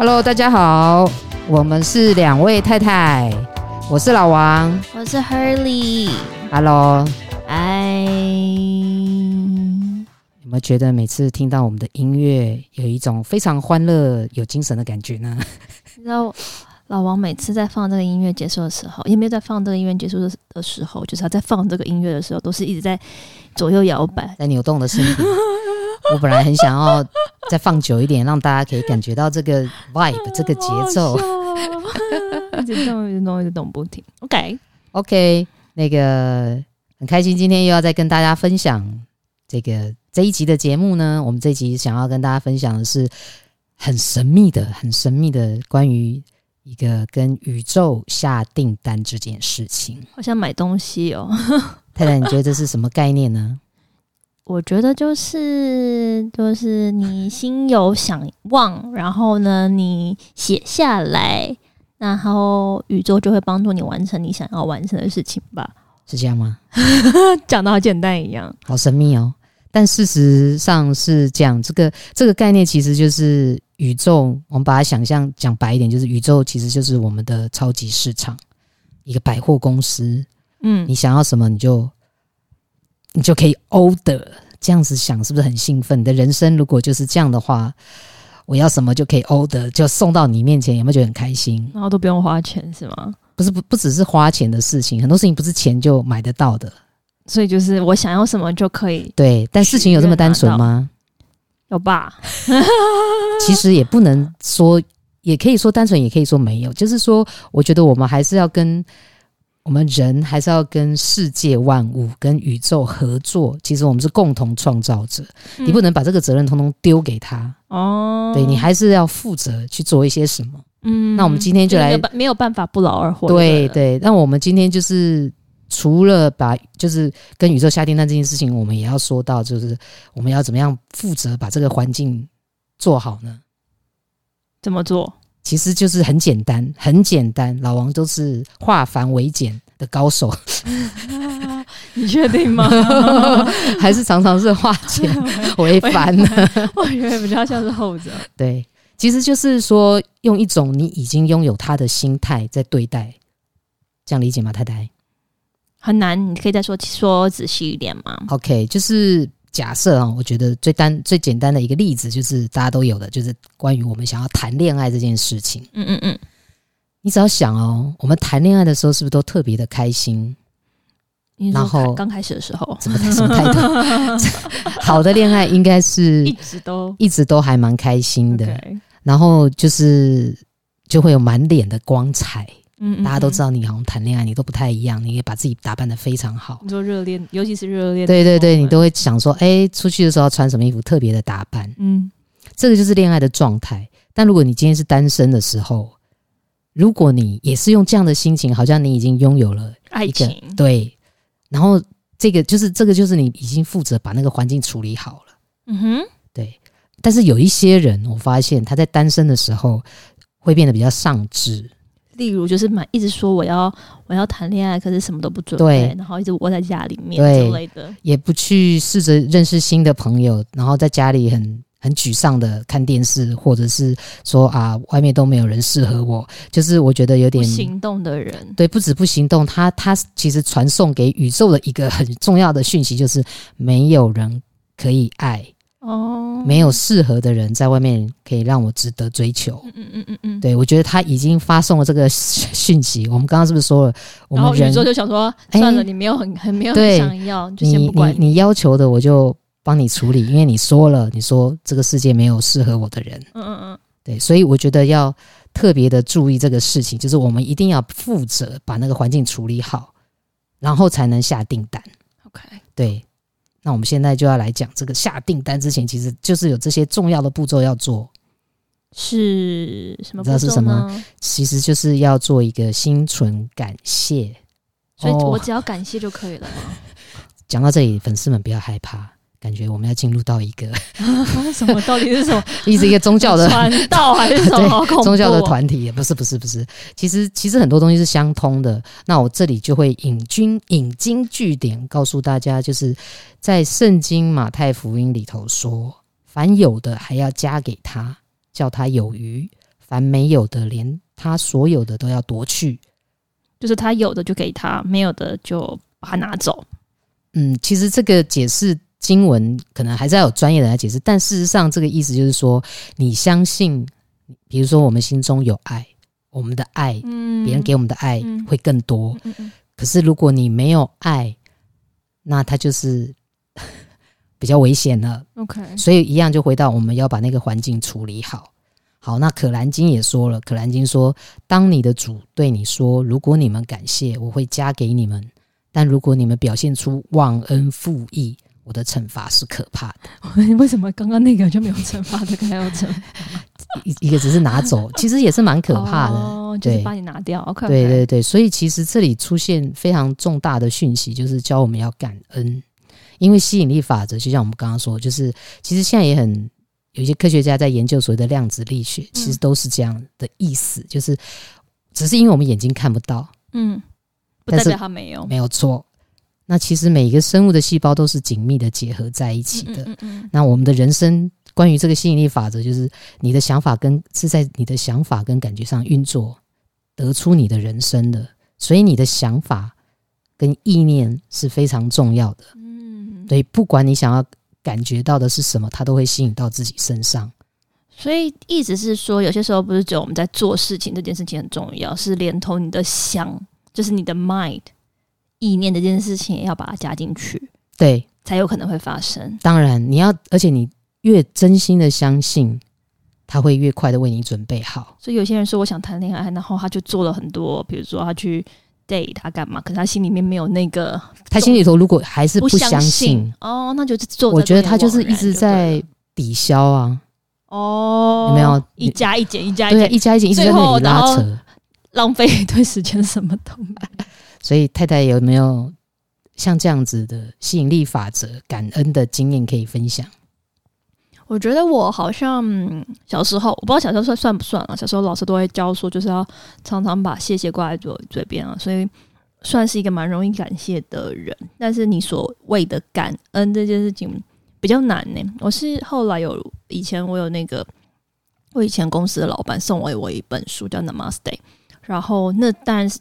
Hello，大家好，我們是兩位太太，我是老王，我是 Hurley Hello，哎，'m 你有沒有覺得每次聽到我們的音樂，有一種非常歡樂、有精神的感覺呢？老王每次在放這個音樂結束的時候，也沒有在放這個音樂結束的的時候，就是他在放這個音樂的時候，都是一直在左右搖擺，在扭動的身體。 我本來很想要再放久一點，讓大家可以感覺到這個 vibe、啊、這個節奏，一直動一直動一直動不停。OK OK，那個很開心，今天又要再跟大家分享這個這一集的節目呢。我們這一集想要跟大家分享的是很神秘的、很神秘的關於一個跟宇宙下訂單這件事情。好像買東西哦， 太太，你覺得這是什麼概念呢？我覺得就是就是你心有想望，然後呢，你寫下來，然後宇宙就會幫助你完成你想要完成的事情吧？是這樣嗎？講得 好簡單一樣，好神秘哦。但事實上是講這樣，這個這個概念，其實就是宇宙。我們把它想象，講白一點，就是宇宙其實就是我們的超級市場，一個百貨公司。嗯，你想要什麼，你就。你就可以 order，這樣子想是不是很興奮？你的人生如果就是這樣的話，我要什麼就可以 order，就送到你面前，有沒有覺得很開心？然後都不用花錢是嗎？不是不不只是花錢的事情，很多事情不是錢就買得到的。所以就是我想要什麼就可以。對，但事情有這麼單純嗎？有吧？ 其實也不能說，也可以說單純，也可以說沒有。就是說，我覺得我們還是要跟。我們人還是要跟世界萬物、跟宇宙合作。其實我們是共同創造者，嗯、你不能把這個責任通通丟給他哦。對，你還是要負責去做一些什麼。嗯，那我們今天就來，就是沒，有沒有辦法不勞而獲？對，對對，那我們今天就是除了把就是跟宇宙下訂單這件事情，我們也要說到，就是我們要怎麼樣負責把這個環境做好呢？怎麼做？其實就是很簡單，很簡單。老王都是化繁為簡的高手， 啊、你確定嗎？ 還是常常是化簡為繁呢？我覺得 比較像是後者。 對，其實就是說用一種你已經擁有他的心態在對待，這樣理解嗎，太太？很難，你可以再說說仔細一點嗎？OK，就是。假設啊，我覺得最單最簡單的一個例子就是大家都有的，就是關於我們想要談戀愛這件事情。嗯嗯嗯，你只要想哦，我們談戀愛的時候是不是都特別的開心？你說 然後剛開始的時候怎麼什麼態度？ 好的戀愛應該是一直都一直都還蠻開心的，然後就是就會有滿臉的光彩。嗯，大家都知道你好像談戀愛，你都不太一樣，你也把自己打扮得非常好。你說熱戀，尤其是熱戀，對對對，你都會想說，哎、欸，出去的時候要穿什麼衣服，特別的打扮。嗯，這個就是戀愛的狀態。但如果你今天是單身的時候，如果你也是用這樣的心情，好像你已經擁有了一個愛情，對。然後這個就是這個就是你已經負責把那個環境處理好了。嗯哼，對。但是有一些人，我發現他在單身的時候會變得比較喪志。例如，就是滿一直說，我要我要談戀愛，可是什麼都不準備對、欸，然後一直窩在家裡面之對類的，也不去試着認識新的朋友，然後在家裡很很沮喪的看電視，或者是說啊，外面都沒有人適合我，就是我覺得有點不行動的人，對，不止不行動，他他其實傳送給宇宙的一個很重要的訊息就是沒有人可以愛。哦，oh, 沒有適合的人在外面可以讓我值得追求。嗯嗯嗯嗯，對，我覺得他已經發送了這個訊息。我們剛剛是不是說了？我們然後宇宙就想說，欸、算了，你沒有很很沒有很想要，就對先不管你你你。你要求的我就幫你處理，因為你說了，你說這個世界沒有適合我的人。嗯嗯嗯，對，所以我覺得要特別的注意這個事情，就是我們一定要負責把那個環境處理好，然後才能下訂單。OK，對。那我們現在就要來講這個下訂單之前，其實就是有這些重要的步驟要做，是什麼步驟呢？不知道是什麼？其實就是要做一個心存感謝，所以我只要感謝就可以了。Oh，講到這裡，粉絲們不要害怕。感覺我們要進入到一個什麼？到底是什麼？ 意思是一個宗教的傳 道還是什麼？ 宗教的團體也不是，不是，不是。其實，其實很多東西是相通的。那我這裡就會引經引經據典，告訴大家，就是在聖經馬太福音裡頭說：“凡有的還要加給他，叫他有餘；凡沒有的，連他所有的都要奪去。”就是他有的就給他，沒有的就把他拿走。嗯，其實這個解釋。經文可能還是要有專業的來解釋，但事實上，這個意思就是說，你相信，比如說，我們心中有愛，我們的愛，嗯、別人給我們的愛會更多。嗯嗯嗯嗯、可是，如果你沒有愛，那它就是呵呵比較危險了。OK。所以，一樣就回到我們要把那個環境處理好。好，那《可蘭經》也說了，《可蘭經》說，當你的主對你說：“如果你們感謝，我會加給你們；但如果你們表現出忘恩負義，”我的懲罰是可怕的。為什麼剛剛那個就沒有懲罰？這個還要懲？一個只是拿走，其實也是蠻可怕的，哦，就是把你拿掉。對對對，所以其實這裡出現非常重大的訊息，就是教我們要感恩。因為吸引力法則，就像我們剛剛說，就是其實現在也很有一些科學家在研究所謂的量子力學，其實都是這樣的意思，就是只是因為我們眼睛看不到，嗯，但是他沒有，沒有錯。那其實每一個生物的細胞都是緊密的結合在一起的。嗯嗯嗯、那我們的人生，關於這個吸引力法則，就是你的想法跟是在你的想法跟感覺上運作，得出你的人生的。所以你的想法跟意念是非常重要的。嗯，所以不管你想要感覺到的是什麼，它都會吸引到自己身上。所以意思是說，有些時候不是只有我們在做事情，這件事情很重要，是連同你的想，就是你的 mind。意念的這件事情也要把它加進去，對，才有可能會發生。當然，你要，而且你越真心的相信，他會越快的為你準備好。所以有些人說我想談戀愛，然後他就做了很多，比如說他去 date，他幹嘛？可是他心裡面沒有那個，他心裡頭如果還是不相信，相信哦，那就是做。我覺得他就是一直在抵消啊，哦，有沒有，一加一減，啊，一加一減，對，一加一減，一直在跟你拉扯，最後然後浪費一段時間，什麼都買。所以太太有沒有像這樣子的吸引力法則、感恩的經驗可以分享？我覺得我好像小時候，我不知道小時候算算不算啊。小時候老師都會教說，就是要常常把謝謝掛在嘴嘴邊啊。所以算是一個蠻容易感謝的人。但是你所謂的感恩這件事情比較難呢，欸。我是後來有以前我有那個，我以前公司的老闆送給我一本書叫 Namaste，然後那但是。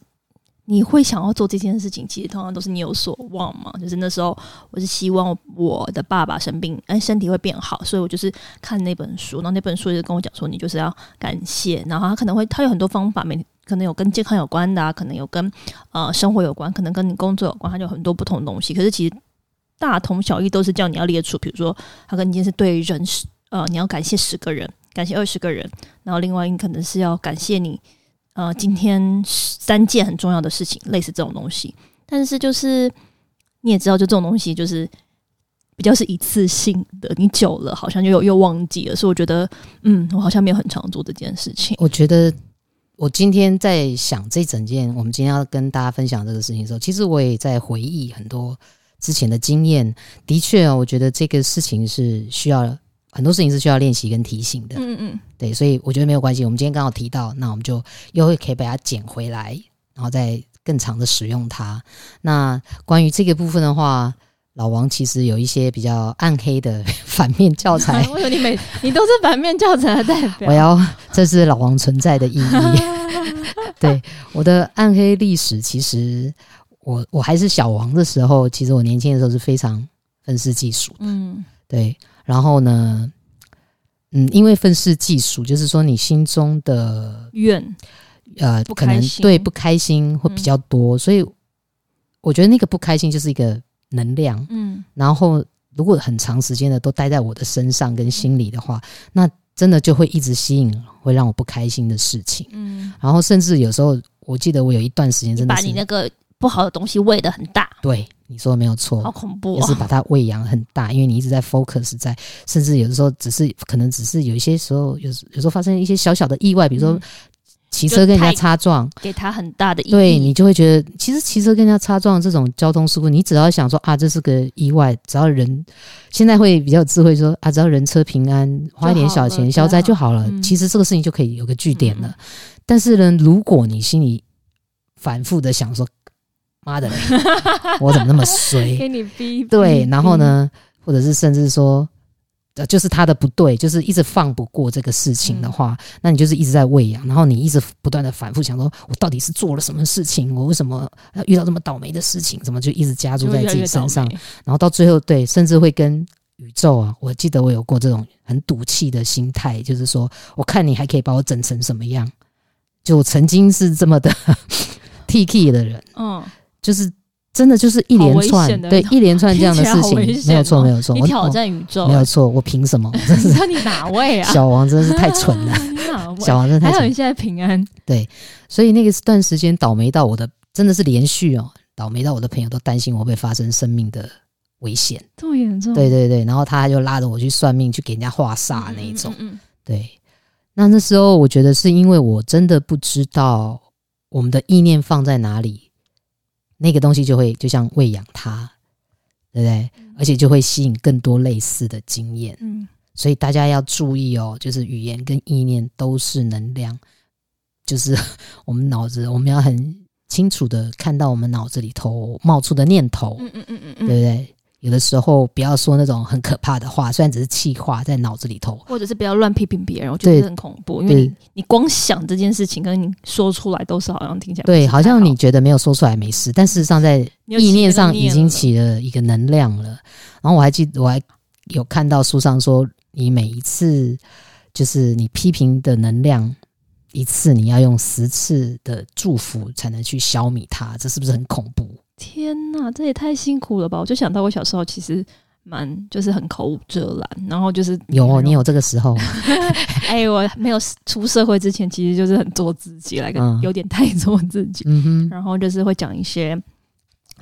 你會想要做這件事情，其實通常都是你有所望嘛。就是那時候，我是希望我的爸爸生病，誒，身體會變好，所以我就是看那本書。然後那本書就跟我講說，你就是要感謝。然後他可能會，他有很多方法，每可能有跟健康有關的啊，可能有跟呃生活有關，可能跟你工作有關，他就有很多不同的東西。可是其實大同小異，都是叫你要列出，比如說他跟一件事對人是呃，你要感謝十個人，感謝二十個人。然後另外你可能是要感謝你。呃，今天三件很重要的事情，類似這種東西，但是就是你也知道，就這種東西就是比較是一次性的，你久了好像又又忘記了，所以我覺得，嗯，我好像沒有很常做這件事情。我覺得我今天在想這整件，我們今天要跟大家分享這個事情的時候，其實我也在回憶很多之前的經驗。的確啊，我覺得這個事情是需要。很多事情是需要練習跟提醒的，嗯嗯，對，所以我覺得沒有關係。我們今天剛好提到，那我們就又會可以把它撿回來，然後再更長的使用它。那關於這個部分的話，老王其實有一些比較暗黑的反面教材。為什麼你每，你都是反面教材的代表？ 我要這是老王存在的意義。 對我的暗黑歷史，其實我我還是小王的時候，其實我年輕的時候是非常憤世嫉俗的，嗯，對。然後呢，嗯，因為憤世嫉俗，就是說你心中的怨，願呃，不開心，可能對，不開心會比較多，嗯。所以我覺得那個不開心就是一個能量，嗯。然後如果很長時間的都待在我的身上跟心裡的話，嗯。那真的就會一直吸引會讓我不開心的事情，嗯。然後甚至有時候，我記得我有一段時間真的是你把你那個。不好的東西餵的很大，對，你說的沒有錯，好恐怖，哦，也是把它餵養很大，因為你一直在 focus 在，甚至有的時候只是可能只是有一些時候有有時候發生一些小小的意外，比如說騎、嗯、車跟人家擦撞，給他很大的意外，對，你就會覺得，其實騎車跟人家擦撞這種交通事故，你只要想說啊，這是個意外，只要人現在會比較智慧說，說啊，只要人車平安，花一點小錢消災就好了，好了好，其實這個事情就可以有個句點了。嗯、但是呢，如果你心裡反覆的想說。媽的！我怎麼那麼衰？ 給你逼！對，然後呢？或者是甚至說，呃，就是他的不對，就是一直放不過這個事情的話，嗯、那你就是一直在餵養，然後你一直不斷的反覆想說，我到底是做了什麼事情？我為什麼遇到這麼倒霉的事情？怎麼就一直加諸在自己身上？然後到最後，對，甚至會跟宇宙啊，我記得我有過這種很賭氣的心態，就是說，我看你還可以把我整成什麼樣？就曾經是這麼的 TK 的人，嗯、哦。就是真的，就是一連串，對一連串這樣的事情，喔、沒有錯，沒有錯。我挑戰宇宙，沒有錯。我憑什麼？ 是你知道哪位啊？小王真的是太蠢了。 不小王真的太蠢。現在平安。對，所以那個段時間倒霉到我的真的是連續哦、喔，倒霉到我的朋友都擔心我會，會發生生命的危險，這麼嚴重。對對對，然後他就拉着我去算命，去給人家畫煞那一種。嗯嗯嗯、對。那那時候我覺得是因為我真的不知道我們的意念放在哪裡。那個東西就會就像餵養它，對不對？而且就會吸引更多類似的經驗。嗯，所以大家要注意哦，就是語言跟意念都是能量，就是我們腦子，我們要很清楚的看到我們腦子裡頭冒出的念頭。嗯，嗯嗯嗯嗯，對不對？有的時候不要說那種很可怕的話，雖然只是氣話在腦子裡頭，或者是不要亂批評別人，我覺得這很恐怖。對因為你對 你光想這件事情跟你說出來都是好像聽起來的對，好像你覺得沒有說出來沒事，但事實上在意念上已經起了一個能量了。然後我還記得，我還有看到書上說，你每一次就是你批評的能量一次，你要用十次的祝福才能去消弭它，這是不是很恐怖？天哪，這也太辛苦了吧！我就想到我小時候其實蠻就是很口無遮攔，然後就是有，有、哦、你有這個時候，哎、 欸，我沒有出社會之前其實就是很做自己，嗯，來個有點太做自己，嗯、哼然後就是會講一些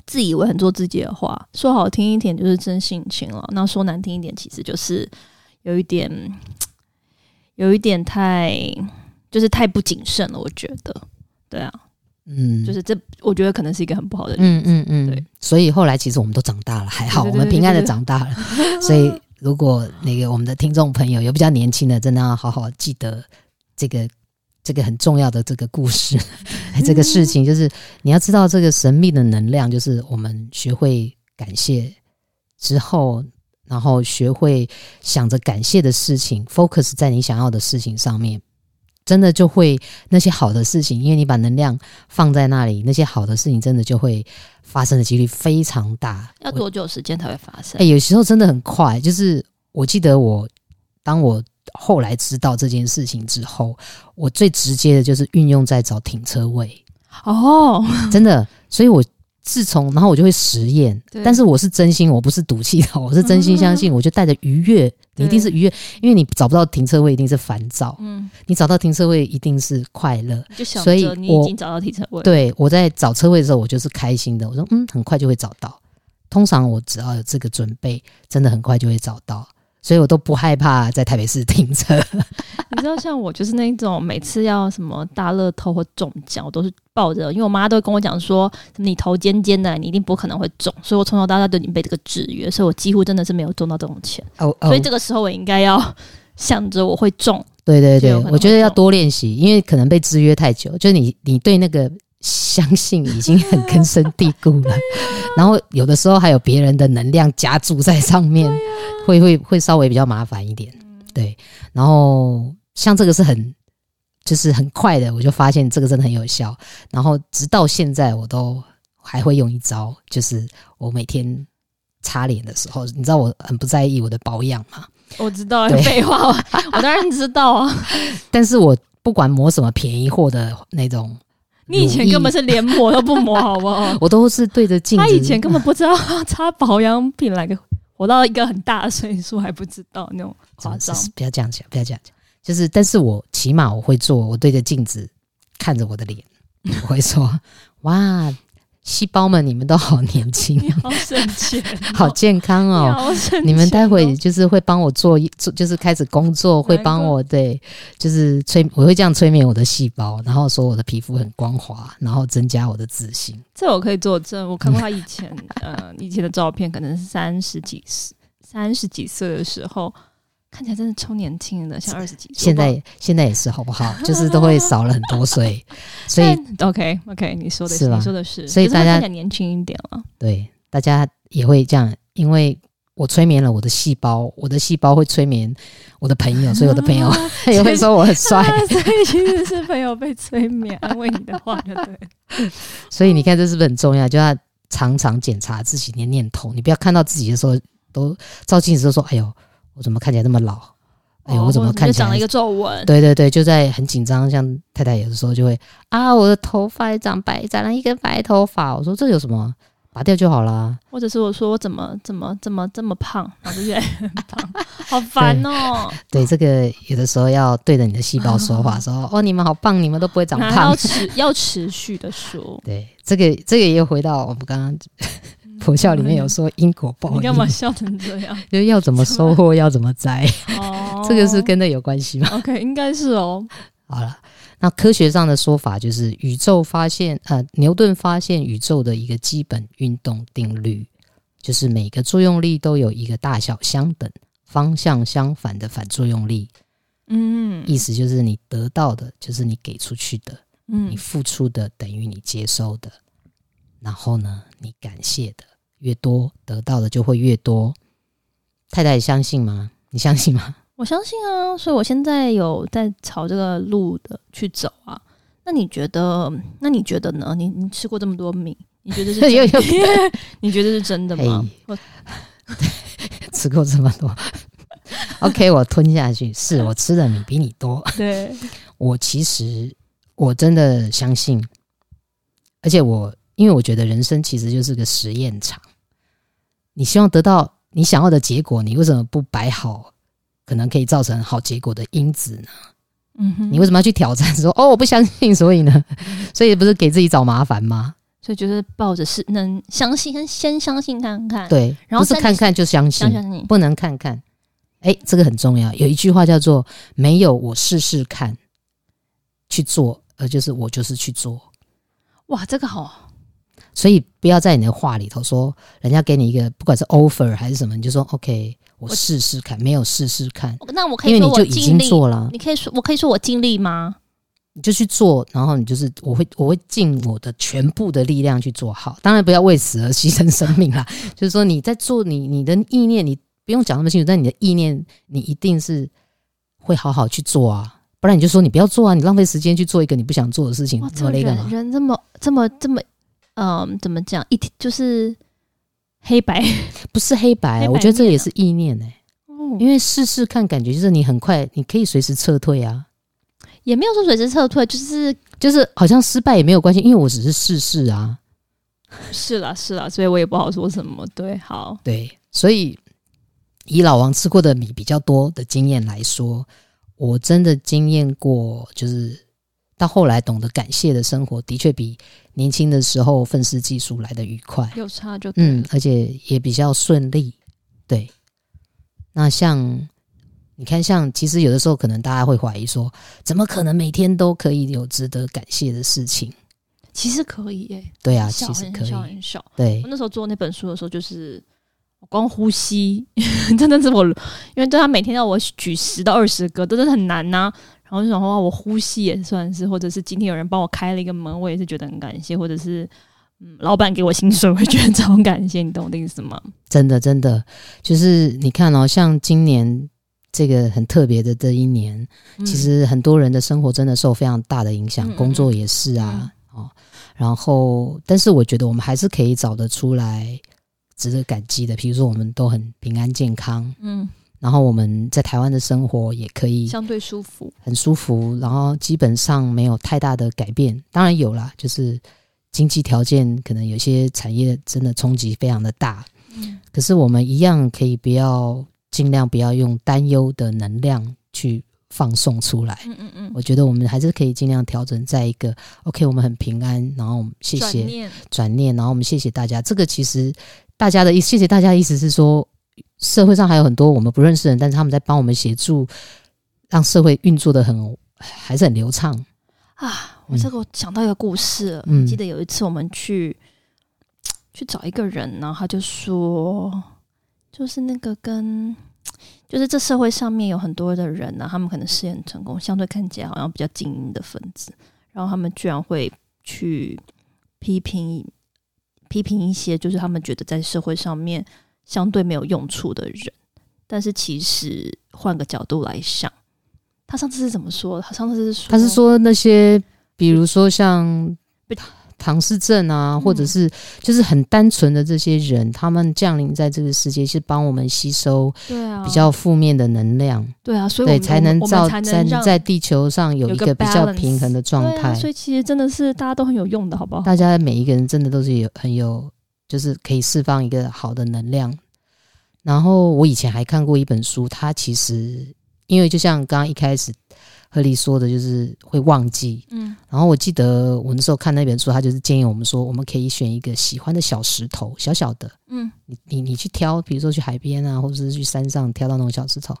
自以為很做自己的話，說好聽一點就是真性情了，那說難聽一點其實就是有一點有一點太就是太不謹慎了，我覺得，對啊。嗯，就是這，我覺得可能是一個很不好的人嗯。嗯嗯嗯，對。所以後來其實我們都長大了，還好，我們平安的長大了。所以如果那個我們的聽眾朋友有比較年輕的，真的要好好記得這個這個很重要的這個故事，呵呵這個事情，就是你要知道這個神秘的能量，就是我們學會感謝之後，然後學會想着感謝的事情，focus 在你想要的事情上面。真的就會那些好的事情，因為你把能量放在那裡，那些好的事情真的就會發生的幾率非常大。要多久時間才會發生？欸，有時候真的很快。就是我記得我，當我後來知道這件事情之後，我最直接的就是運用在找停車位哦，真的。所以，我自從，然後我就會實驗，對但是我是真心，我不是賭氣的，我是真心相信，嗯、哼我就帶着愉悅。你一定是愉悅，因為你找不到停車位一定是煩躁。嗯，你找到停車位一定是快樂。就想著你已經找到停車位。所以我，對，我在找車位的時候，我就是開心的。我說，嗯，很快就會找到。通常我只要有這個準備，真的很快就會找到。所以我都不害怕在台北市停車。 你知道，像我就是那種每次要什麼大樂透或中獎，我都是抱着，因為我媽都會跟我講說，你頭尖尖的，你一定不可能會中。所以我從小到大都已經被這個制約，所以我幾乎真的是沒有中到這種錢。Oh, oh. 所以這個時候我應該要想着我會中。對對對，我，我覺得要多練習，因為可能被制約太久，就你你對那個。相信已經很根深蒂固了，然後有的時候還有別人的能量加注在上面，會會會稍微比較麻煩一點。對，然後像這個是很就是很快的，我就發現這個真的很有效。然後直到現在，我都還會用一招，就是我每天擦臉的時候，你知道我很不在意我的保養嗎？我知道，廢話，我當然知道啊。 但是我不管抹什麼便宜貨的那種。你以前根本是連抹都不抹，好不好？ 我都是對着鏡子。他以前根本不知道擦保養品來着，活到一個很大的歲數還不知道那種誇張。哦，是是，不要這樣講，不要這樣講，就是，但是我起碼我會做，我對着鏡子看着我的臉，我會說哇。細胞們，你們都好年輕，好神奇、喔， 好健康哦，喔！你，喔、你們待會就是會幫我做一做，就是開始工作，會幫我對，就是催，我會這樣催眠我的細胞，然後說我的皮膚很光滑，然後增加我的自信。這我可以作證，我看過他以前， 呃，以前的照片，可能是三十幾歲，三十幾歲的時候。看起來真的超年輕的，像二十幾歲。現在現在也是，好不好？ 就是都會少了很多歲，所以 OK OK，你說的是吧？是嗎你說的是，所以大家年輕一點了。對，大家也會這樣，因為我催眠了我的細胞，我的細胞會催眠我的朋友，所以我的朋友 也會說我很帥。 所以其實是朋友被催眠，安慰你的話對，對。 所以你看，這是不是很重要？就要常常檢查自己的念頭，你不要看到自己的時候都照鏡子的時候說：“哎呦。”我怎麼看起來那麼老？哎呦，哦、我怎麼看起來我就長了一個皺紋？對對對，就在很緊張，像太太有的時候就會啊，我的頭髮也長白長了一根白頭髮，我說這有什麼，拔掉就好啦，或者是我說我怎麼怎麼怎麼這麼胖，覺得越來越胖。 好煩哦、喔。對，這個有的時候要對着你的細胞說話說，說 哦你們好棒，你們都不會長胖，要持要持續的說。對，這個這個也有回到我們剛剛。佛教裡面有說因果報應，你幹嘛笑成這樣？ 就是要怎麼收穫 要怎麼摘，嗎 這個是跟那有關係嗎？OK，應該是哦。好了，那科學上的說法就是宇宙發現，呃，牛頓發現宇宙的一個基本運動定律，就是每個作用力都有一個大小相等、方向相反的反作用力。嗯，意思就是你得到的，就是你給出去的，嗯，你付出的等於你接收的，然後呢，你感謝的。越多，得到的就會越多，太太，你相信嗎？你相信嗎？我相信啊，所以我現在有在朝這個路的去走啊。那你覺得，那你覺得呢？你你吃過這麼多米，你覺得是？ 你覺得是真的嗎？Hey, 我 吃過這麼多 ，OK，我吞下去。 是我吃的米比你多。對，我其實我真的相信，而且我。因為我覺得人生其實就是個實驗場，你希望得到你想要的結果，你為什麼不擺好可能可以造成好結果的因子呢？嗯哼，你為什麼要去挑戰說哦我不相信？所以呢，嗯、所以不是給自己找麻煩嗎？所以就是抱着是能相信先，先相信看看，對，然後是，不是看看就相信，不能看看。哎、欸，這個很重要。有一句話叫做“沒有我試試看去做”，而就是我就是去做。哇，這個好。所以不要在你的話裡頭說，人家給你一個不管是 offer 還是什麼，你就說 OK，我試試看。我沒有試試看，那我可以說我盡力，因為你就已經做了。你可以說我可以說我盡力嗎？你就去做，然後你就是我會我會盡我的全部的力量去做好。當然不要為此而犧牲生命啦， 就是說你在做你你的意念，你不用講那麼清楚，但你的意念你一定是會好好去做啊。不然你就說你不要做啊，你浪費時間去做一個你不想做的事情。我這人這麼這麼這麼。嗯，怎麼講？一就是黑白，不是黑白、啊。黑白我覺得這也是意念哎、欸，嗯、因為試試看，感覺就是你很快，你可以隨時撤退啊。也沒有說隨時撤退，就是就是，好像失敗也沒有關係，因為我只是試試啊。是啦，是啦，所以我也不好說什麼。對，好，對，所以以老王吃過的米比較多的經驗來說，我真的經驗過，就是。到後來懂得感謝的生活，的確比年輕的時候憤世嫉俗來得愉快，有差就嗯，而且也比較順利。對，那像你看像，像其實有的時候，可能大家會懷疑說，怎麼可能每天都可以有值得感謝的事情？其實可以耶，對啊，其實可以。很少，對，我那時候做那本書的時候，就是光呼吸呵呵，真的是我，因為對他每天要我舉十到二十個，真的很難吶、啊。然後那種話，我呼吸也算是，或者是今天有人幫我開了一個門，我也是覺得很感謝，或者是嗯，老闆給我薪水，我覺得超感謝，你懂我的意思嗎？真的，真的，就是你看哦，像今年這個很特別的這一年，嗯、其實很多人的生活真的受非常大的影響，嗯、工作也是啊，嗯、哦，然後但是我覺得我們還是可以找得出來值得感激的，比如說我們都很平安健康，嗯。然後我們在台灣的生活也可以很相對舒服，很舒服。然後基本上沒有太大的改變，當然有啦，就是經濟條件可能有些產業真的衝擊非常的大。嗯，可是我們一樣可以不要盡量不要用擔憂的能量去放送出來。嗯嗯嗯，我覺得我們還是可以盡量調整在一個 OK，我們很平安。然後我們謝謝轉念，轉念，然後我們謝謝大家。這個其實大家的意，謝謝大家的意思是說。社會上還有很多我們不認識的人，但是他們在幫我們協助，讓社會運作得很還是很流暢啊！我這個我想到一個故事，嗯、記得有一次我們去去找一個人，啊，然後他就說，就是那個跟，就是這社會上面有很多的人呢、啊，他們可能事業很成功，相對看起來好像比較精英的分子，然後他們居然會去批評批評一些，就是他們覺得在社會上面。相對沒有用處的人，但是其實換個角度來想，他上次是怎麼說的？他上次是說他是說那些，比如說像唐唐、嗯、氏症啊，或者是就是很單純的這些人，嗯、他們降臨在這個世界，是幫我們吸收比較負面的能量，對啊，所以才能造才能在在地球上有一個比較平衡的狀態，啊。所以其實真的是大家都很有用的，好不好？大家每一個人真的都是有很有。就是可以釋放一個好的能量，然後我以前還看過一本書，它其實因為就像剛剛一開始何麗說的，就是會忘記，嗯，然後我記得我那時候看那本書，它就是建議我們說，我們可以選一個喜歡的小石頭，小小的，嗯，你你你去挑，比如說去海邊啊，或者是去山上挑到那種小石頭，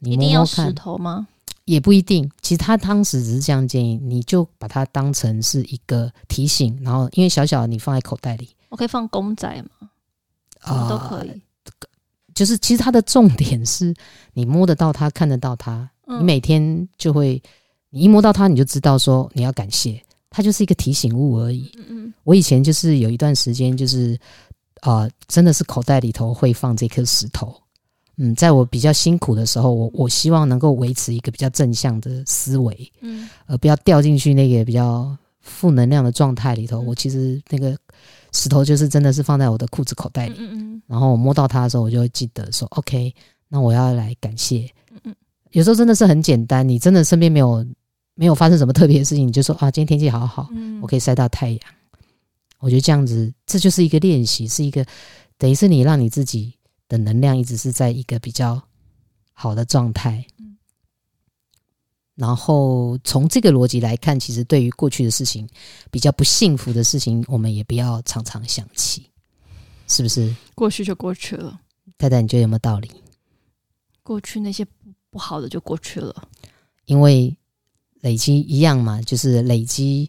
你摸摸看，一定要石頭嗎？也不一定。其實他當時只是這樣建議，你就把它當成是一個提醒，然後因為小小的，你放在口袋裡。我可以放公仔嗎？啊，都可以、呃。就是其實它的重點是，你摸得到它，看得到它，嗯、你每天就會，你一摸到它，你就知道說你要感謝它，就是一個提醒物而已。嗯，嗯，我以前就是有一段時間，就是啊、呃，真的是口袋裡頭會放這顆石頭。嗯，在我比較辛苦的時候，我我希望能夠維持一個比較正向的思維。嗯，而不要掉進去那個比較。負能量的狀態裡頭，嗯、我其實那個石頭就是真的是放在我的褲子口袋裡。嗯嗯，然後我摸到它的時候，我就會記得說：“OK，那我要來感謝。”嗯，有時候真的是很簡單，你真的身邊沒有沒有發生什麼特別的事情，你就說啊，今天天氣好好，嗯，我可以曬到太陽。我覺得這樣子，這就是一個練習，是一個等於是你讓你自己的能量一直是在一個比較好的狀態。然後從這個邏輯來看，其實對於過去的事情，比較不幸福的事情，我們也不要常常想起，是不是？過去就過去了。太太，你覺得有沒有道理？過去那些不好的就過去了，因為累積一樣嘛，就是累積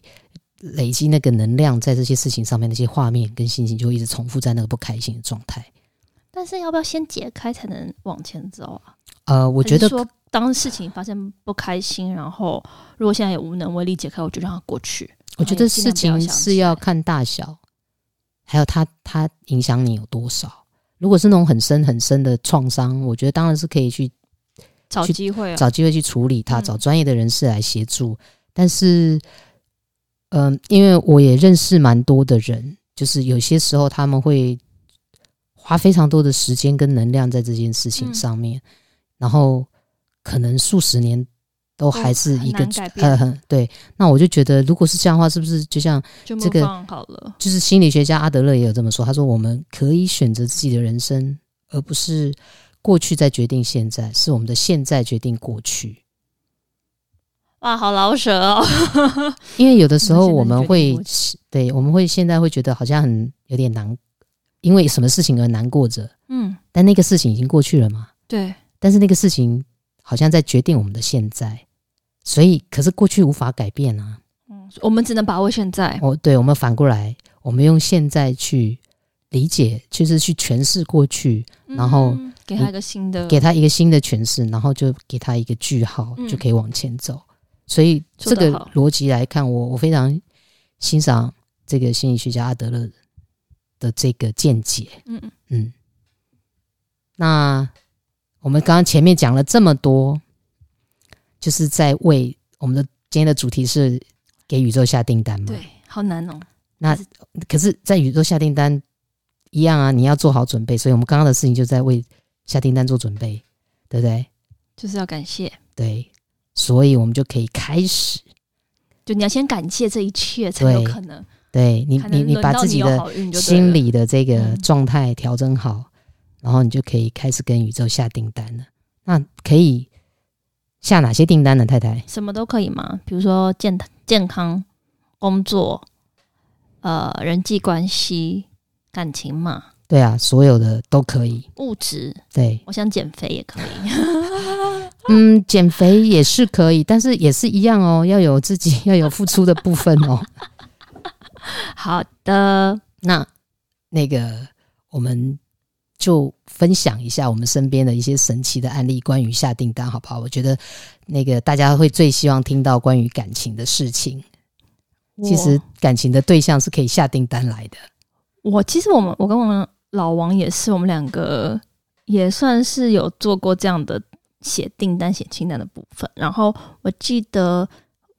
累積那個能量在這些事情上面，那些畫面跟心情就一直重複在那個不開心的狀態。但是要不要先解開才能往前走啊？呃，我覺得。當事情發生不開心，然後如果現在也無能為力解開，我就讓它過去。我覺得事情是要看大小，還有它它影響你有多少。如果是那種很深很深的創傷，我覺得當然是可以去，去找機會，啊、找機會去處理它，嗯、找專業的人士來協助。但是，嗯、呃，因為我也認識蠻多的人，就是有些時候他們會花非常多的時間跟能量在這件事情上面，嗯、然後。可能數十年都還是一個呃，對。那我就覺得，如果是這樣的話，是不是就像這個？就，就是心理學家阿德勒也有這麼說。他說，我們可以選擇自己的人生，而不是過去在決定現在，是我們的現在決定過去。哇，好繞舌哦！ 因為有的時候我們會，對，我們會現在會覺得好像很有點難，因為什麼事情而難過着。嗯，但那個事情已經過去了嘛。對，但是那個事情。好像在決定我們的現在，所以可是過去無法改變啊。嗯，我們只能把握現在。哦，對，我們反過來，我們用現在去理解，就是去詮釋過去，嗯、然後給他一個新的，給他一個新的詮釋，然後就給他一個句號，嗯、就可以往前走。所以這個邏輯來看，我我非常欣賞這個心理學家阿德勒的這個見解。嗯嗯，那。我們剛剛前面講了這麼多，就是在為我們的今天的主題，是給宇宙下訂單嘛？對，好難哦。那可是，在宇宙下訂單一樣啊，你要做好準備。所以我們剛剛的事情就在為下訂單做準備，對不對？就是要感謝，對，所以我們就可以開始。就你要先感謝這一切，才有可能。對，對，你，你你把自己的心理的這個狀態調整好。嗯。然後你就可以開始跟宇宙下訂單了。那可以下哪些訂單呢，太太？什麼都可以嗎？比如說健健康、工作、呃，人際關係、感情嘛？對啊，所有的都可以。物質？對，我想減肥也可以。 嗯，減肥也是可以，但是也是一樣哦，要有自己要有付出的部分哦。 好的，那那個我們。就分享一下我們身邊的一些神奇的案例，關於下訂單，好不好？我覺得那個大家會最希望聽到關於感情的事情。我其實感情的對象是可以下訂單來的。我其實我們我跟我們老王也是，我們兩個也算是有做過這樣的寫訂單、寫清單的部分。然後我記得，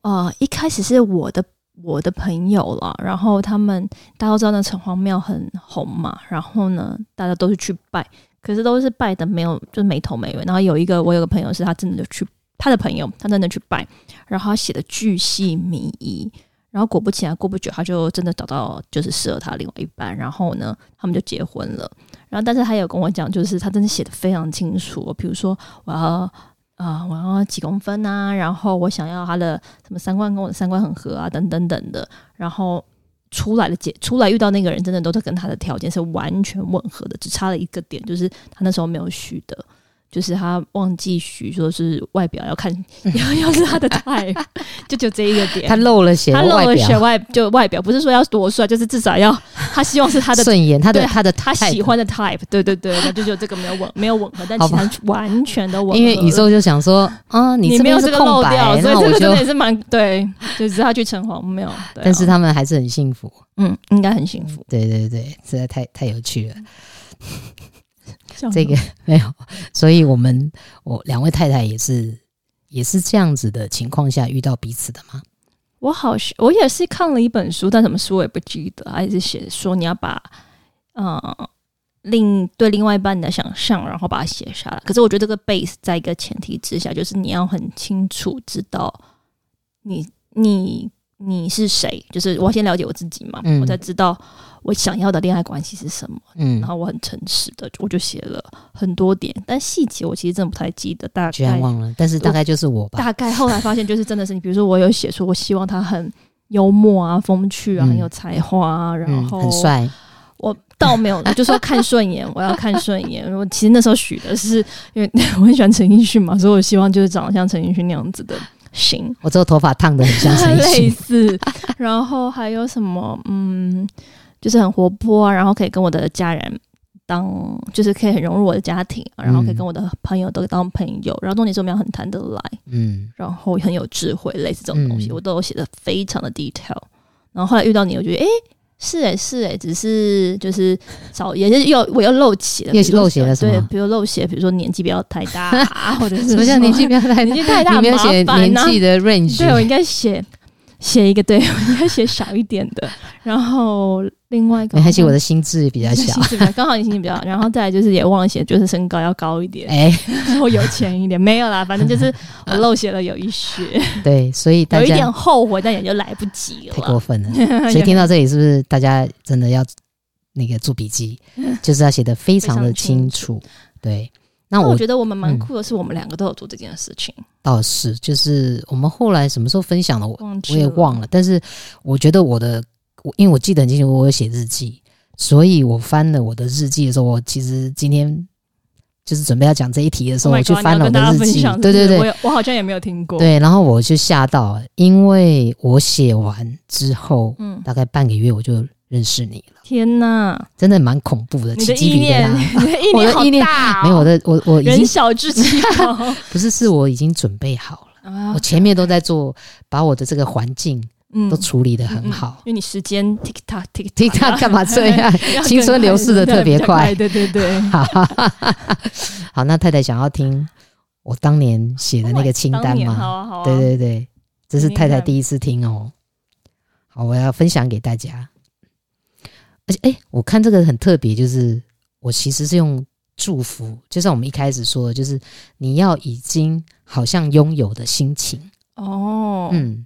呃，一開始是我的。我的朋友了，然後他們，大家都知道那城隍廟很紅嘛，然後呢，大家都是去拜，可是都是拜的沒有，就是沒頭沒尾。然後有一個，我有個朋友是他真的就去他的朋友，他真的去拜，然後他寫的巨細靡遺，然後果不其然，過不久他就真的找到就是適合他另外一半，然後呢，他們就結婚了。然後，但是他有跟我講，就是他真的寫的非常清楚，比如說我要啊，我要幾公分啊！然後我想要他的什麼三觀跟我的三觀很合啊，等等等等的。然後出來的結，出來遇到那個人，真的都是跟他的條件是完全吻合的，只差了一個點，就是他那時候沒有許的。就是他忘記許說是外表要看，然後又是他的 type。 就就這一個點，他漏了血，他漏了血外就外表，不是說要多帥，就是至少要他希望是他的順眼， 他對他的他喜歡的 type，對對對，就就這個沒有吻沒有吻合，但其他完全的吻合。 因為宇宙就想說啊，你，是你沒有這個漏掉，所以這個真的也是蠻對，就是他去城隍廟，沒有。啊、但是他們還是很幸福，嗯，應該很幸福。對對對，實在太太有趣了。 這個沒有，所以我們我兩位太太也是也是這樣子的情況下遇到彼此的嗎？我好像我也是看了一本書，但什麼書我也不記得，還是寫說你要把呃另對另外一半的想象，然後把它寫下來。可是我覺得這個 base 在一個前提之下，就是你要很清楚知道你你你是誰，就是我先了解我自己嘛，嗯、我才知道。我想要的戀愛關係是什麼？嗯，然後我很誠實的，我就寫了很多點，但細節我其實真的不太記得，大概忘了。但是大概就是我吧。大概後來發現，就是真的是你。 比如說，我有寫出我希望他很幽默啊、風趣啊、嗯、很有才華、啊，然後很帥。我倒沒有，嗯、我沒有，我就說看順眼， 我要看順眼。我其實那時候許的是，因為我很喜歡陳奕迅嘛，所以我希望就是長得像陳奕迅那樣子的型。行，我這個頭髮燙的很像陳奕迅， 類似。然後還有什麼？嗯。就是很活潑啊，然後可以跟我的家人當，就是可以很融入我的家庭，啊，然後可以跟我的朋友都當朋友，嗯、然後重點是我們要很談得來，嗯，然後很有智慧，類似這種東西，嗯，我都有寫的非常的 detail。然後後來遇到你，我覺得，誒、欸，是誒、欸，是誒、欸，只是就是找，也是又我又漏寫了，也漏寫了什麼？對，比如漏寫，比如說年紀不要太大，或者是什麼？ 什麼叫年紀不要太大，年紀太大沒有寫年紀的 range，年紀的 range，對，我應該寫。寫一個，對，我應該寫小一點的。然後另外一個，沒關係，我的心智比較小，剛好你心情比較好。 然後再來就是也忘了寫，就是身高要高一點，哎，欸、然後有錢一點， 沒有啦，反正就是我漏寫了有一些、嗯啊。對，所以大家有一點後悔，但也就來不及了，太過分了。所以聽到這裡，是不是大家真的要那個做筆記， 就是要寫得非常的清楚？清楚對。那我,我覺得我們蠻酷的是，我們兩個都有做這件事情、嗯。倒是，就是我們後來什麼時候分享的了，我我也忘了。但是我覺得我的，我因為我記得很清楚，我有寫日記，所以我翻了我的日記的時候，我其實今天就是準備要講這一題的時候，Oh my God, 我去翻了我的日記。是是對對對我有，我好像也沒有聽過。對，然後我就嚇到，因為我寫完之後，嗯，大概半個月我就。認識你了，天哪，真的蠻恐怖的。你的意念，我的意念大，沒有我的，我我已經小智氣不是，是我已經準備好了。我前面都在做，把我的這個環境都處理得很好，因為你時間 tick tock tick tock 幹嘛這樣？青春流逝的特別快，對對對，好，好，那太太想要聽我當年寫的那個清單嗎？對對對，這是太太第一次聽哦。好，我要分享給大家。而且，哎、欸，我看這個很特別，就是我其實是用祝福，就像我們一開始說的，就是你要已經好像擁有的心情哦，嗯，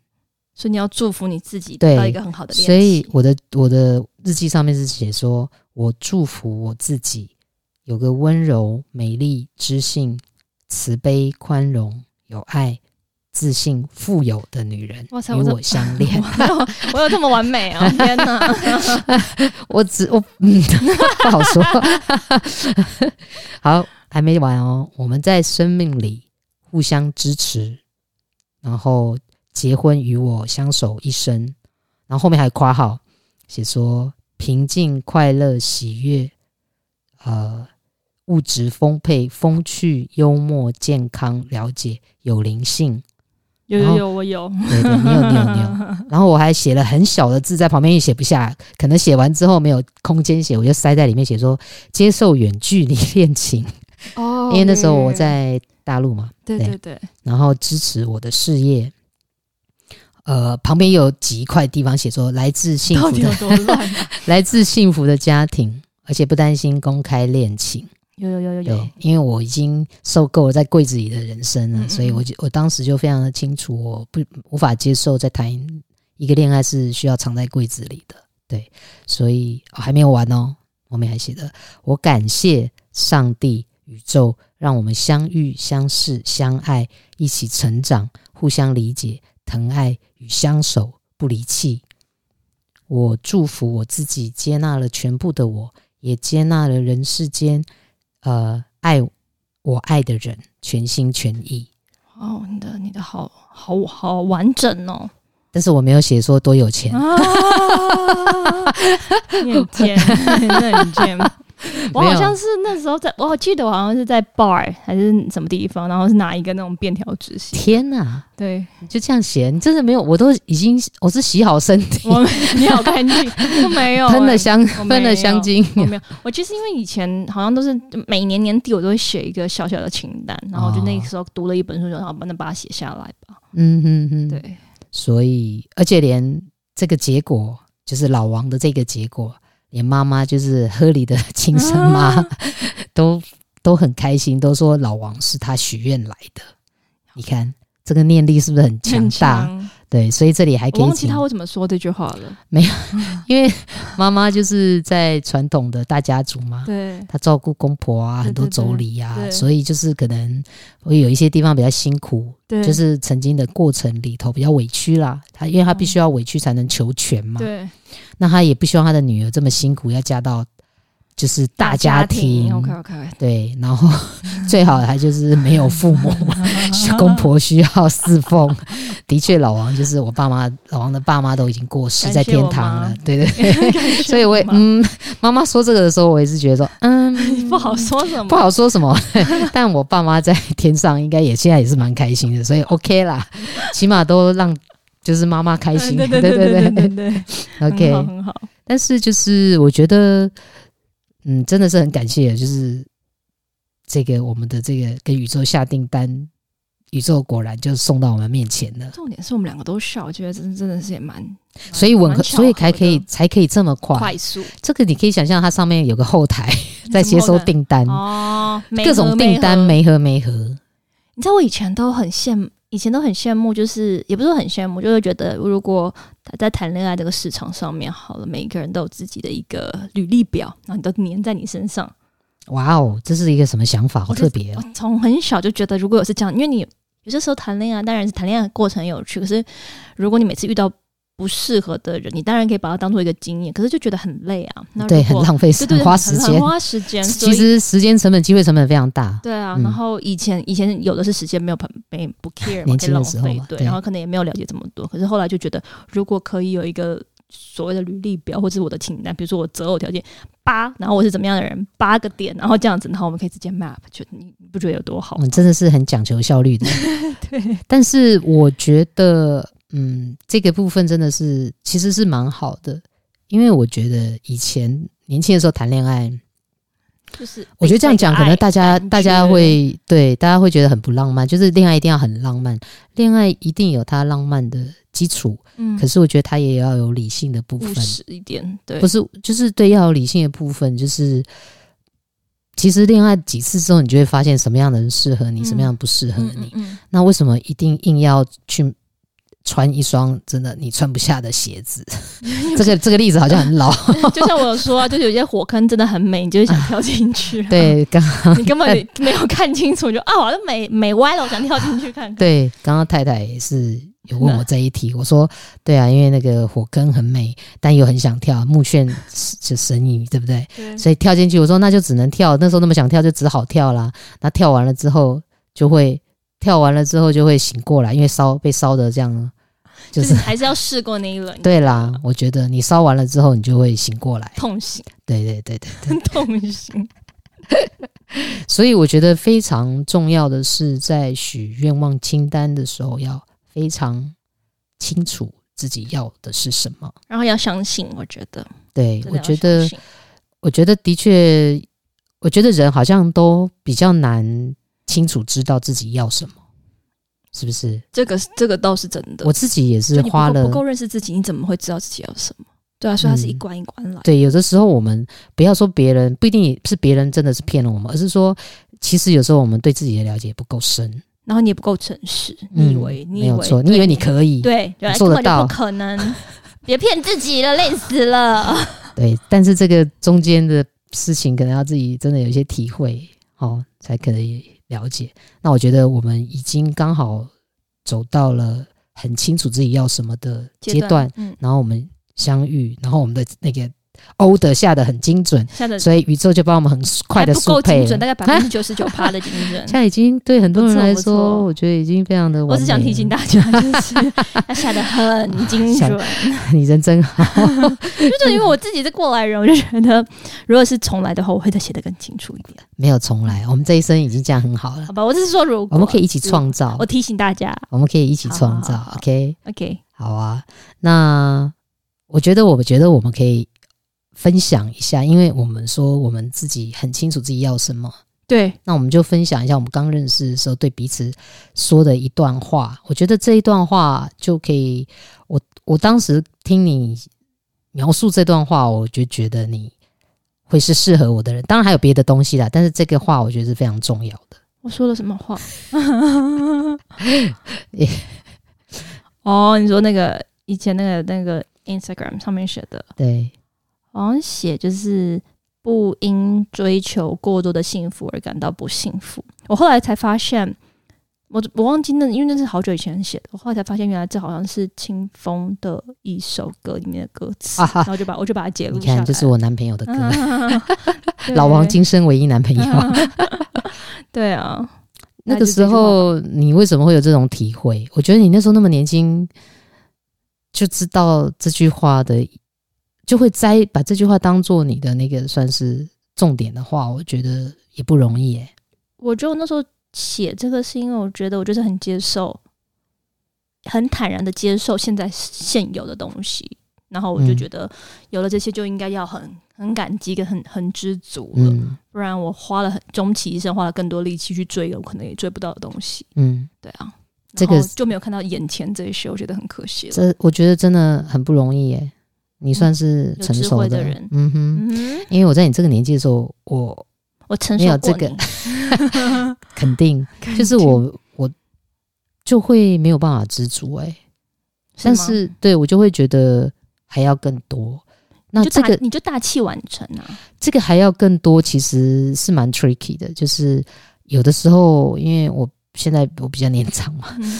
所以你要祝福你自己，對，到一個很好的，所以我的我的日記上面是寫說，我祝福我自己有個溫柔、美麗、知性、慈悲、寬容、有愛。自信、富有的女人，與哇塞，我相戀，我有這麼完美啊！天哪， 我只我嗯，不好說。 好，還沒完哦。我們在生命裡互相支持，然後結婚與我相守一生。然後後面還括號寫說：平靜、快樂、喜悅，呃，物質豐沛、風趣、幽默、健康、了解、有靈性。有有有，我有，你有你有你有。然後我還寫了很小的字在旁邊，也寫不下，可能寫完之後沒有空間寫，我就塞在裡面寫說，接受遠距離戀情。哦，oh, okay. 因為那時候我在大陸嘛。對，對對對。然後支持我的事業，呃，旁邊有幾塊地方寫說，來自幸福的到底有多亂，啊， 來自幸福的家庭，而且不擔心公開戀情。有有有有有，因為我已經受夠了在櫃子裡的人生了，所以我就我當時就非常的清楚，我不無法接受在談一個戀愛是需要藏在櫃子裡的。對，所以、哦、還沒有完哦，後面還寫的，我感謝上帝宇宙，讓我們相遇、相識、相愛，一起成長，互相理解、疼愛與相守不離棄。我祝福我自己，接納了全部的我，我也接納了人世間。呃，愛我愛的人，全心全意。哦，你的你的好，好好完整哦。但是我沒有寫說多有錢啊， 你很賤，很賤。我好像是那時候在，有我好記得，我好像是在 bar 還是什麼地方，然後是拿一個那種便條紙寫。天哪，啊，對，就這樣寫，你真的沒有？我都已經，我是洗好身體，我你好乾淨， 沒有噴、欸、了香，噴了香精，我沒，有我沒有。我其實因為以前好像都是每年年底我都會寫一個小小的清單，然後就那個時候讀了一本書，然後把不把它寫下來，哦、嗯嗯嗯，對。所以，而且連這個結果，就是老王的這個結果。你媽媽就是何里的親生媽、啊，都都很開心，都說老王是他許願來的。你看這個念力是不是很強大？對，所以這裡還可以。我忘記他為什麼說這句話了。沒有，因為媽媽就是在傳統的大家族嘛，對， 她照顧公婆啊，對對對，很多妯娌啊，對對對，所以就是可能會有一些地方比較辛苦，對，就是曾經的過程裡頭比較委屈啦。她因為她必須要委屈才能求全嘛，對，那她也不希望她的女兒這麼辛苦要嫁到。就是大家庭對，然後最好還就是沒有父母，公婆需要侍奉。的確，老王就是我爸媽，老王的爸媽都已經過世在天堂了，對對對。所以，我也嗯，媽媽說這個的時候，我也是覺得說，嗯，不好說什麼，不好說什麼。但我爸媽在天上應該也現在也是蠻開心的，所以 OK 啦，起碼都讓就是媽媽開心，對對對對。對 OK，但是就是我覺得。嗯，真的是很感謝，就是這個我們的這個跟宇宙下訂單，宇宙果然就送到我們面前了。重點是我們兩個都笑，我覺得真的真的是也蠻，所以吻合，所以才可以才可以這麼快快速。這個你可以想象，它上面有個後台在接收訂單哦，各種訂單媒合媒合。合合合，你知道我以前都很羨慕。以前都很羨慕，就是也不是說很羨慕，就是覺得如果在談戀愛這個市場上面，好了，每一個人都有自己的一個履歷表，然後都粘在你身上。哇哦，這是一個什麼想法？好特別啊！我從很小就覺得，如果我是這樣，因為你有些時候談戀愛，當然是談戀愛的過程很有趣，可是如果你每次遇到。不適合的人，你當然可以把它當做一個經驗，可是就覺得很累啊。對，很浪費時間，花時間。對對對，很花時間。其實時間成本、機會成本非常大。對啊，嗯，然後以前以前有的是時間，沒有沒不 care 被浪費，對。然後可能也沒有了解這麼多，對對可是後來就覺得，如果可以有一個所謂的履歷表，或者是我的清單，比如說我擇偶條件八，8, 然後我是怎麼樣的人八個點，然後這樣子，然後我們可以直接 map，就你不覺得有多好，嗯。真的是很講求效率的。 對，但是我覺得。嗯，這個部分真的是，其實是蠻好的，因為我覺得以前年輕的時候談戀愛，就是我覺得這樣講，可能大家大家會對大家會覺得很不浪漫，就是戀愛一定要很浪漫，戀愛，愛一定有它浪漫的基礎。嗯，可是我覺得它也要有理性的部分，其實一點，對，不是就是對要有理性的部分，就是其實戀愛幾次之後，你就會發現什麼樣的人適合你，嗯，什麼樣不適合你。嗯嗯嗯，那為什麼一定硬要去？穿一雙真的你穿不下的鞋子，這個這個例子好像很老。 就像我說，就是有些火坑真的很美，你就想跳進去、啊啊。對，剛剛。你根本也沒有看清楚，就啊，我像美美歪了，我想跳進去看，看、啊。對，剛剛太太也是有問我這一題，那我說對啊，因為那個火坑很美，但又很想跳，目眩是是神神迷，對不對？對，所以跳進去，我說那就只能跳。那時候那麼想跳，就只好跳啦。那跳完了之後，就會跳完了之後就會醒過來，因為燒被燒的這樣。就是、就是還是要試過那一輪。 對啦，我覺得你燒完了之後，你就會醒過來，痛醒。對對對對，很痛醒。 所以我覺得非常重要的是，在許願望清單的時候，要非常清楚自己要的是什麼，然後要相信。我覺得，對，我覺得，我覺得的確，我覺得人好像都比較難清楚知道自己要什麼。是不是這個？這個倒是真的。我自己也是花了不夠認識自己，你怎麼會知道自己要什麼？對啊，嗯，所以它是一關一關來。對，有的時候我們不要說別人，不一定是別人真的是騙了我們，而是說其實有時候我們對自己的了解不夠深，然後你也不夠誠實。你以為沒有錯，騙人。你以為你可以，對，做得到？可能，別騙 自己了，累死了。對，但是這個中間的事情，可能要自己真的有一些體會哦，才可以。嗯了解，那我覺得我們已經剛好走到了很清楚自己要什麼的階段，階段，嗯，然後我們相遇，然後我們的那個。歐的下的很精準，下的，所以宇宙就幫我們很快的速配，大概百分之九十九趴的精準，現在已經對很多人來說，我覺得已經非常的。我只想提醒大家，他下的很精準，你人真好。就因為我自己是過來人，我就覺得，如果是重來的話，我會寫得更清楚一點。沒有重來，我們這一生已經這樣很好了。好吧，我只是說如果，我們可以一起創造。我提醒大家，我們可以一起創造。OK，OK，好啊。那我覺得，我覺得我們可以。分享一下，因為我們說我們自己很清楚自己要什麼。對，那我們就分享一下我們剛認識的時候對彼此說的一段話。我覺得這一段話就可以，我我當時聽你描述這段話，我就覺得你會是適合我的人。當然還有別的東西啦，但是這個話我覺得是非常重要的。我說了什麼話？哦，你說那個以前那個那個 Instagram 上面寫的，對。好像寫就是不因追求過多的幸福而感到不幸福。我後來才發現，我我忘記那，因為那是好久以前寫的。我後來才發現，原來這好像是青峰的一首歌裡面的歌詞。啊、然後就把我就把它記錄下來。你看，這是我男朋友的歌，啊、老王今生唯一男朋友。啊對啊， 那個時候你為什麼會有這種體會？我覺得你那時候那麼年輕，就知道這句話的。就會摘把這句話當作你的那個算是重點的話，我覺得也不容易耶、欸。我就那時候寫這個，是因為我覺得我就是很接受，很坦然的接受現在現有的東西，然後我就覺得有了這些就應該要很很感激跟很很知足了，嗯、不然我花了很終其一生花了更多力氣去追有可能也追不到的東西。嗯，對啊，這個就沒有看到眼前這些，我覺得很可惜了、這個。這我覺得真的很不容易耶、欸。你算是成熟的，嗯、的人，嗯哼，嗯哼，因為我在你這個年紀的時候，我沒有、這個、我成熟過， 肯定覺就是我我就會沒有辦法知足哎、欸，但是，是嗎對我就會覺得還要更多，那這個你就大器晚成啊，這個還要更多其實是蠻 tricky 的，就是有的時候因為我。現在我比較年長嘛， 嗯、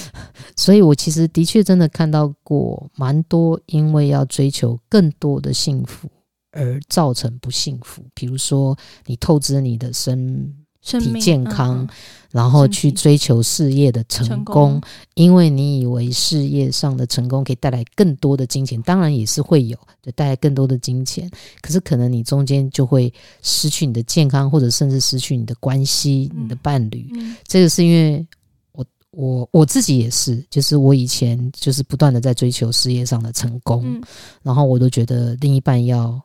所以我其實的確真的看到過蠻多，因為要追求更多的幸福而造成不幸福，比如說你透支你的身。身體健康，嗯、然後去追求事業的成功，成功因為你以為事業上的成功可以帶來更多的金錢，當然也是會有就帶來更多的金錢，可是可能你中間就會失去你的健康，或者甚至失去你的關係、你的伴侶。嗯嗯、這個是因為我我我自己也是，就是我以前就是不斷的在追求事業上的成功，嗯、然後我都覺得另一半要。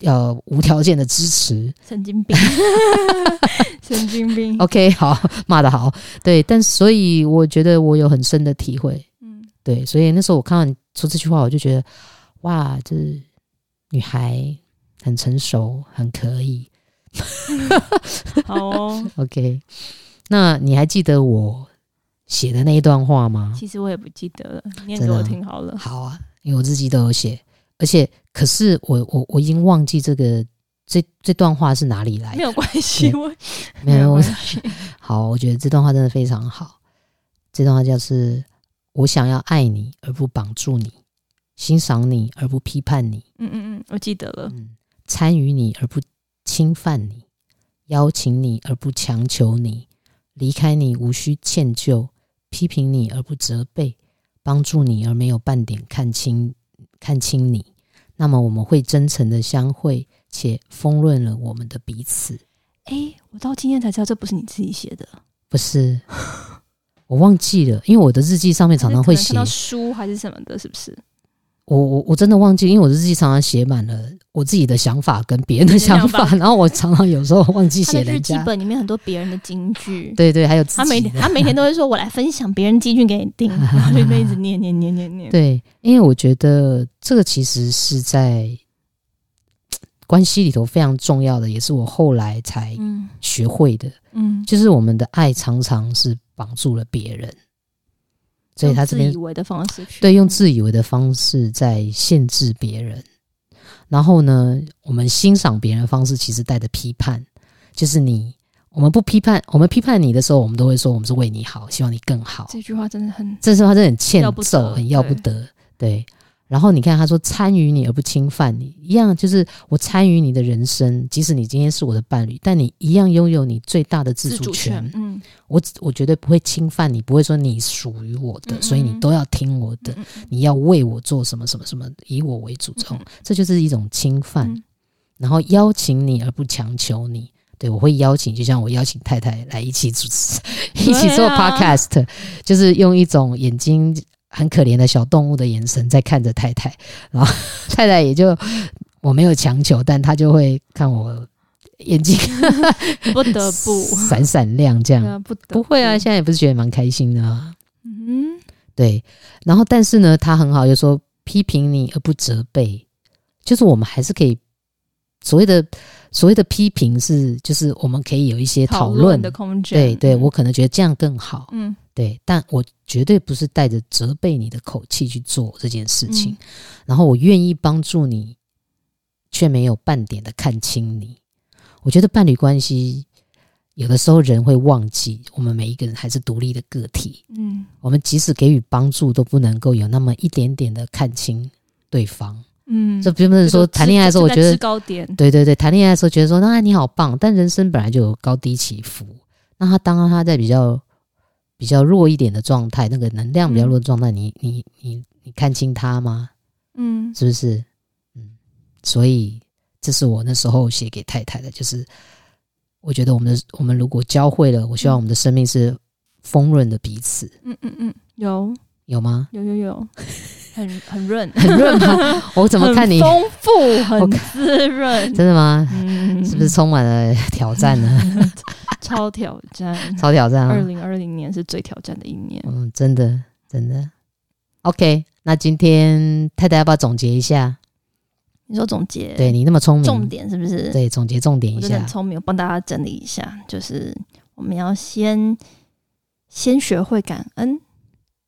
要無條件的支持，神經病， 神經病。 OK，好，罵得好，對，但所以我覺得我有很深的體會，嗯，對，所以那時候我看到你說這句話，我就覺得哇，這、就是、女孩，很成熟，很可以， 好哦。OK，那你還記得我寫的那一段話嗎？其實我也不記得了，念給我聽好了的。好啊，因為我自己都有寫。嗯而且，可是我我我已經忘記這個這這段話是哪裡來的。沒有關係，我 沒有關係。 好，我覺得這段話真的非常好。這段話就是我想要愛你而不綁住你，欣賞你而不批判你。嗯嗯嗯，我記得了。嗯，參與你而不侵犯你，邀請你而不強求你，離開你無需歉疚，批評你而不責備，幫助你而沒有半點看清。看清你，那麼我們會真誠的相會，且豐潤了我們的彼此。誒，我到今天才知道這不是你自己寫的，不是，我忘記了，因為我的日記上面常常會寫看到書還是什麼的，是不是？我我我真的忘記，因為我的日記常常寫滿了我自己的想法跟別人的想法，然後我常常有時候忘記寫人家。 日記本裡面很多別人的金句，對，對對，還有自己的，他每他每天都會說：“我來分享別人金句給你聽。”啊，然後一輩子念念念念念。對，因為我覺得這個其實是在關係裡頭非常重要的，也是我後來才學會的。嗯，嗯，就是我們的愛常常是綁住了別人。所以他這邊，自以為的方式去，對，用自以為的方式在限制別人，嗯，然後呢，我們欣賞別人的方式其實帶着批判，就是你，我們不批判，我們批判你的時候，我們都會說我們是為你好，希望你更好。這句話真的很，這句話真的很欠揍，要不得，很要不得，對。對然後你看，他說參與你而不侵犯你，一樣就是我參與你的人生，即使你今天是我的伴侶，但你一樣擁有你最大的自主權。主權，嗯，我我絕對不會侵犯你，不會說你屬於我的，嗯、哼所以你都要聽我的，嗯、哼你要為我做什麼什麼什麼，以我為主從，嗯、哼這就是一種侵犯。嗯、然後邀請你而不強求你，對，我會邀請，就像我邀請太太來一起主持， 一起做 podcast，、啊、就是用一種眼睛。很可憐的小動物的眼神在看着太太，然後太太也就我沒有強求，但她就會看我眼睛，不得不閃閃亮，這樣不不會啊，現在也不是覺得蠻開心的啊，嗯，對。然後，但是呢，她很好，就說批評你而不責備，就是我們還是可以所謂的所謂的批評是，就是我們可以有一些討論的空間，對，對，我可能覺得這樣更好，嗯。對，但我絕對不是帶着責備你的口氣去做這件事情，嗯、然後我願意幫助你，卻沒有半點的看輕你。我覺得伴侶關係有的時候人會忘記，我們每一個人還是獨立的個體。嗯，我們即使給予幫助，都不能夠有那麼一點點的看輕對方。嗯，這並不是說談戀愛的時候，我覺得是高點。對對對，談戀愛的時候覺得說，那你好棒。但人生本來就有高低起伏，那他當他在比較。比較弱一點的狀態，那個能量比較弱的狀態、嗯，你你你你看清他嗎？嗯，是不是？嗯，所以這是我那時候寫給太太的，就是我覺得我們的我們如果教會了，我希望我們的生命是豐潤的彼此。嗯嗯嗯，有有嗎？有有有，很很潤，很潤嗎？我怎麼看你？豐富，很滋潤，真的嗎？是不是充滿了挑戰呢？嗯 超挑戰，超挑戰、啊！二零二零年是最挑戰的一年。嗯，真的，真的。OK，那今天太太要不要總結一下？你說總結，對你那麼聰明，重點是不是？對，總結重點一下。很聰明，我幫大家整理一下，就是我們要先先學會感恩，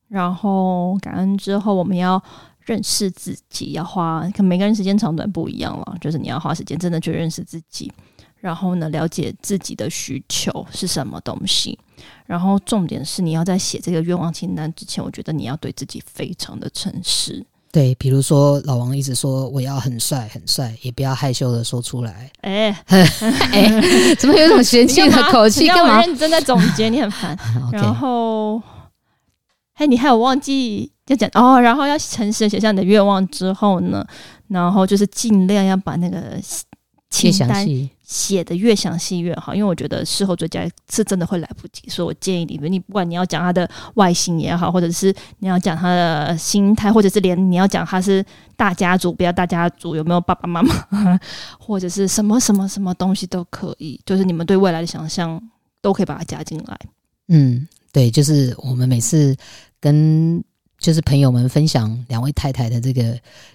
然後感恩之後，我們要認識自己，要花，可能每個人時間長短不一樣了，就是你要花時間，真的去認識自己。然後呢，了解自己的需求是什麼東西。然後重點是，你要在寫這個願望清單之前，我覺得你要對自己非常的誠實。對，比如說老王一直說我要很帥很帥，也不要害羞的說出來。哎，怎麼有種嫌棄的口氣？幹嘛？你認真在總結，啊、你很煩。嗯 okay，然後，嘿，你還有忘記要講哦。然後要誠實地寫下你的願望之後呢，然後就是盡量要把那個清單寫的越詳細越好，因為我覺得事後追加是真的會來不及，所以我建議你，你不管你要講他的外形，也好，或者是你要講他的心態，或者是連你要講他是大家族，不要大家族，有沒有爸爸媽媽，或者是什麼什麼什麼東西都可以，就是你們對未來的想象都可以把它加進來。嗯，對，就是我們每次跟，就是朋友們分享兩位太太的這個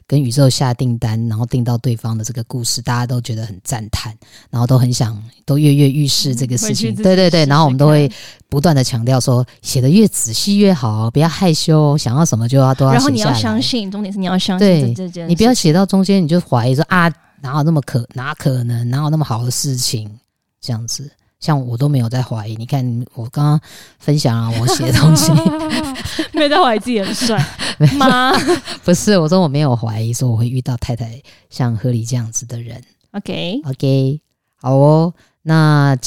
跟宇宙下訂單，然後訂到對方的這個故事，大家都覺得很讚嘆，然後都很想都躍躍欲試這個事情。嗯、對對對，然後我們都會不斷的強調說，嗯、寫的越仔細越好，不要害羞，想要什麼就要都要寫下來。然後你要相信，重點是你要相信這件事。對，你不要寫到中間，你就懷疑說啊，哪有那麼可哪可能哪有那麼好的事情這樣子。像我都沒有在懷疑，你看我剛剛分享了、啊、我寫的東西 沒，沒有在懷疑自己很帥嗎？不是，我說我沒有懷疑，說我會遇到太太像何麗這樣子的人。OK，OK，Okay.、okay, 好哦，那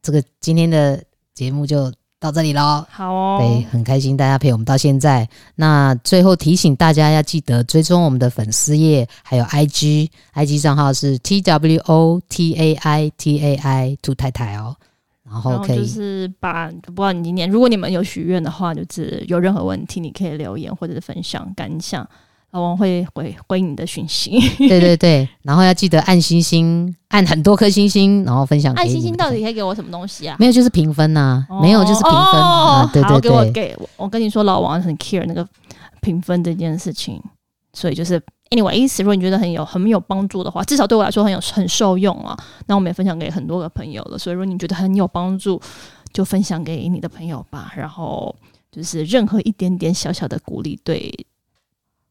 這個今天的節目就到這裡嘍，好哦，對，很開心大家陪我們到現在。那最後提醒大家要記得追蹤我們的粉絲頁，還有 IG，IG 賬號是 T W O T A I T A I Two 太太哦，然後可以然後就是把不知道你今天，如果你們有許願的話，就是有任何問題你可以留言或者是分享感想。老王會回回你的訊息，對對對， 然後要記得按星星，按很多顆星星，然後分享給你。按星星到底可以給我什麼東西啊？沒有，就是評分啊，哦、沒有，就是評分哦、啊、哦對對對，給、okay, okay、我給我，跟你說，老王很 care 那個評分這件事情，所以就是，anyway，如果你覺得很有很有幫助的話，至少對我來說很有很受用啊。那我們也分享給很多個朋友了，所以如果你覺得很有幫助，就分享給你的朋友吧。然後就是任何一點點小小的鼓勵，對。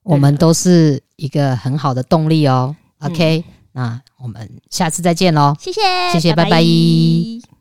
我們都是一個很好的動力哦。嗯，OK，那我們下次再見嘍。謝謝，謝謝，拜拜，拜拜。